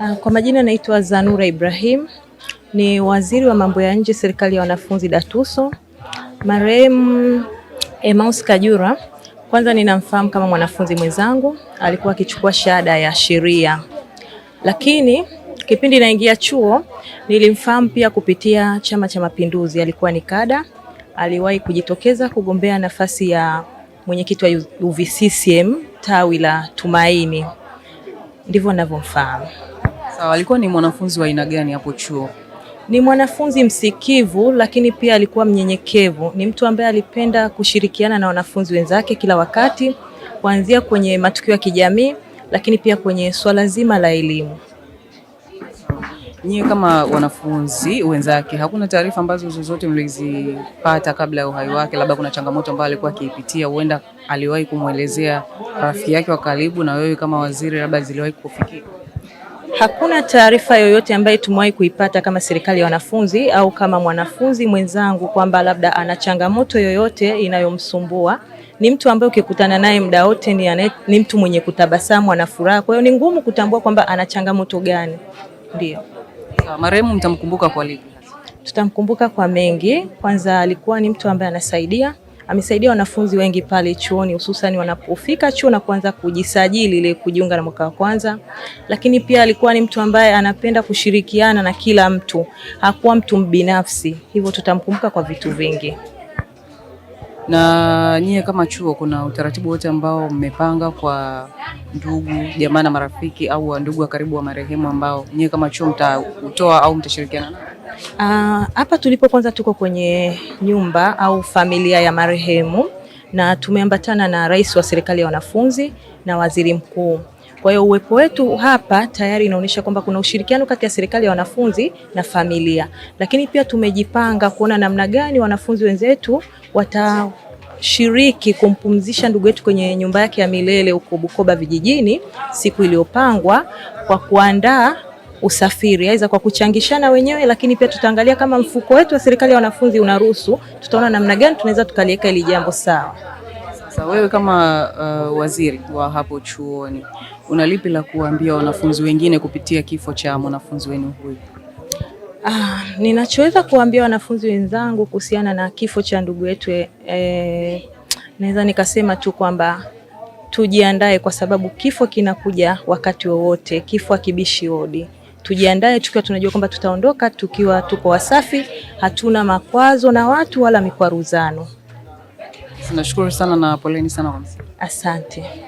Uh, kwa majina naitwa Zanura Ibrahim, ni waziri wa mambo ya nje serikali ya wanafunzi Datuso. Marehemu Emmaus Kajura kwanza ninamfahamu kama mwanafunzi mwenzangu, alikuwa akichukua shahada ya sheria, lakini kipindi naingia chuo nilimfahamu pia kupitia Chama cha Mapinduzi. Alikuwa ni kada, aliwahi kujitokeza kugombea nafasi ya mwenyekiti wa UVCCM tawi la Tumaini ndivyo ninavyomfahamu. Sawa, alikuwa ni mwanafunzi wa aina gani hapo chuo? Ni mwanafunzi msikivu, lakini pia alikuwa mnyenyekevu. Ni mtu ambaye alipenda kushirikiana na wanafunzi wenzake kila wakati, kuanzia kwenye matukio ya kijamii, lakini pia kwenye swala zima la elimu nyie kama wanafunzi wenzake, hakuna taarifa ambazo zozote mlizipata kabla ya uhai wake? Labda kuna changamoto ambayo alikuwa akiipitia, huenda aliwahi kumwelezea rafiki yake wa karibu, na wewe kama waziri, labda ziliwahi kufikia? Hakuna taarifa yoyote ambayo tumewahi kuipata kama serikali ya wanafunzi au kama mwanafunzi mwenzangu kwamba labda ana changamoto yoyote inayomsumbua. Ni mtu ambaye ukikutana naye muda wote ni, ni mtu mwenye kutabasamu, ana furaha, kwa hiyo ni ngumu kutambua kwamba ana changamoto gani. Ndio marehemu mtamkumbuka kwa lipi? Tutamkumbuka kwa mengi. Kwanza alikuwa ni mtu ambaye anasaidia, amesaidia wanafunzi wengi pale chuoni, hususani wanapofika chuo na kuanza kujisajili ile kujiunga na mwaka wa kwanza. Lakini pia alikuwa ni mtu ambaye anapenda kushirikiana na kila mtu, hakuwa mtu mbinafsi, hivyo tutamkumbuka kwa vitu vingi. Na nyie kama chuo, kuna utaratibu wote ambao mmepanga kwa ndugu jamaa na marafiki au ndugu wa karibu wa marehemu ambao nyie kama chuo mtautoa au mtashirikiana nao? Ah, hapa uh, tulipo kwanza tuko kwenye nyumba au familia ya marehemu na tumeambatana na rais wa serikali ya wanafunzi na waziri mkuu. Kwa hiyo uwepo wetu hapa tayari inaonyesha kwamba kuna ushirikiano kati ya serikali ya wanafunzi na familia, lakini pia tumejipanga kuona namna gani wanafunzi wenzetu wata shiriki kumpumzisha ndugu yetu kwenye nyumba yake ya milele huko Bukoba vijijini siku iliyopangwa kwa kuandaa usafiri aidha kwa kuchangishana wenyewe, lakini pia tutaangalia kama mfuko wetu wa serikali ya wanafunzi unaruhusu, tutaona namna gani tunaweza tukaliweka hili jambo sawa. Sasa wewe kama uh, waziri wa hapo chuoni una lipi la kuambia wanafunzi wengine kupitia kifo cha mwanafunzi wenu huyu? Ah, ninachoweza kuambia wanafunzi wenzangu kuhusiana na kifo cha ndugu yetu eh, naweza nikasema tu kwamba tujiandae kwa sababu kifo kinakuja wakati wowote, kifo akibishi hodi. Tujiandae tukiwa tunajua kwamba tutaondoka tukiwa tuko wasafi, hatuna makwazo na watu wala mikwaruzano. Tunashukuru sana na poleni sana kwa Asante.